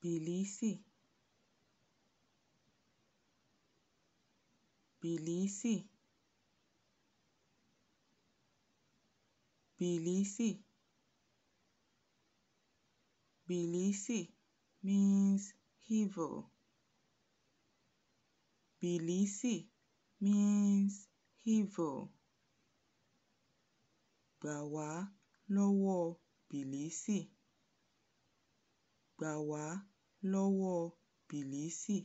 Bìlísì Bìlísì Bìlísì Bìlísì means evil. Bìlísì means evil. Gbà wá lọ́wọ́ Bìlísì gbà wá lọ́wọ́ bìlìsì